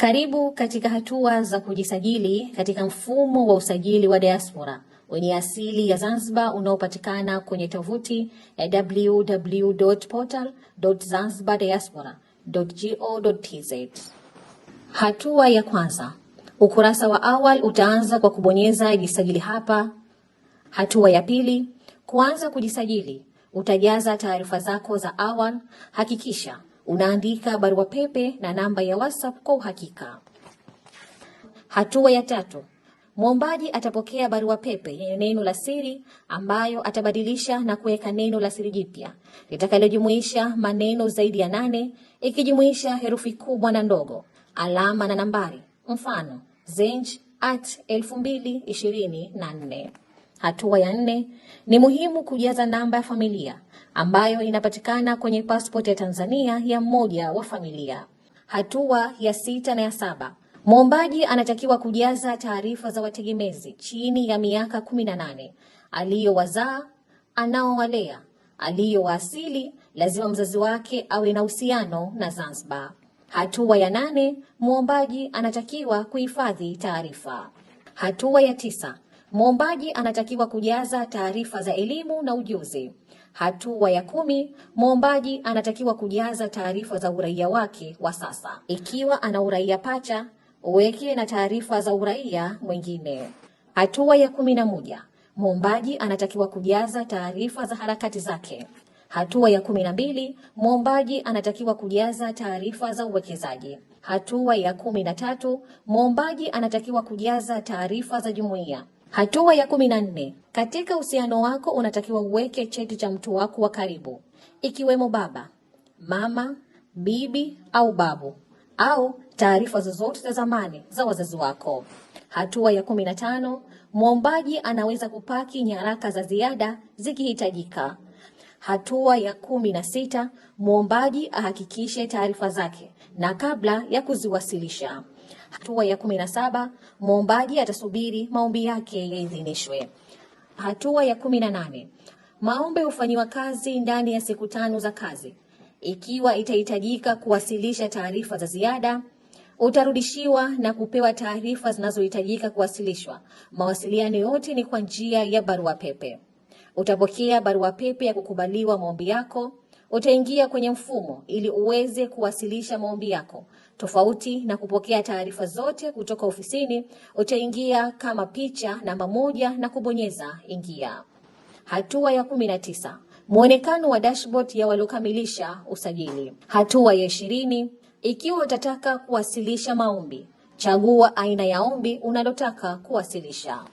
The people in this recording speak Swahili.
Karibu katika hatua za kujisajili katika mfumo wa usajili wa diaspora wenye asili ya Zanzibar unaopatikana kwenye tovuti ya www.portal.zanzibardiaspora.go.tz. Hatua ya kwanza. Ukurasa wa awali utaanza kwa kubonyeza jisajili hapa. Hatua ya pili, kuanza kujisajili, utajaza taarifa zako za awali. Hakikisha unaandika barua pepe na namba ya WhatsApp kwa uhakika. Hatua ya tatu, mwombaji atapokea barua pepe yenye neno la siri ambayo atabadilisha na kuweka neno la siri jipya litakalojumuisha maneno zaidi ya nane ikijumuisha herufi kubwa na ndogo, alama na nambari. Mfano, zenj at elfu mbili ishirini na nne. Hatua ya nne ni muhimu kujaza namba ya familia ambayo inapatikana kwenye pasipoti ya Tanzania ya mmoja wa familia. Hatua ya sita na ya saba, mwombaji anatakiwa kujaza taarifa za wategemezi chini ya miaka kumi na nane aliyowazaa, anaowalea, aliyowaasili, lazima mzazi wake awe na uhusiano na Zanzibar. Hatua ya nane, mwombaji anatakiwa kuhifadhi taarifa. Hatua ya tisa Mwombaji anatakiwa kujaza taarifa za elimu na ujuzi. Hatua ya kumi, mwombaji anatakiwa kujaza taarifa za uraia wake wa sasa. Ikiwa ana uraia pacha, uweke na taarifa za uraia mwingine. Hatua ya kumi na moja, mwombaji anatakiwa kujaza taarifa za harakati zake. Hatua ya kumi na mbili, mwombaji anatakiwa kujaza taarifa za uwekezaji. Hatua ya kumi na tatu, mwombaji anatakiwa kujaza taarifa za jumuiya. Hatua ya kumi na nne. Katika uhusiano wako unatakiwa uweke cheti cha mtu wako wa karibu ikiwemo baba, mama, bibi au babu au taarifa zozote za zamani za wazazi wako. Hatua ya kumi na tano. Mwombaji anaweza kupaki nyaraka za ziada zikihitajika. Hatua ya kumi na sita. Mwombaji ahakikishe taarifa zake na kabla ya kuziwasilisha Hatua ya kumi na saba, mwombaji atasubiri maombi yake yaidhinishwe. Hatua ya kumi na nane, maombi hufanyiwa kazi ndani ya siku tano za kazi. Ikiwa itahitajika kuwasilisha taarifa za ziada, utarudishiwa na kupewa taarifa zinazohitajika kuwasilishwa. Mawasiliano yote ni kwa njia ya barua pepe. Utapokea barua pepe ya kukubaliwa maombi yako. Utaingia kwenye mfumo ili uweze kuwasilisha maombi yako tofauti na kupokea taarifa zote kutoka ofisini, utaingia kama picha namba moja na kubonyeza ingia. Hatua ya kumi na tisa mwonekano wa dashboard ya waliokamilisha usajili. Hatua ya ishirini ikiwa utataka kuwasilisha maombi, chagua aina ya ombi unalotaka kuwasilisha.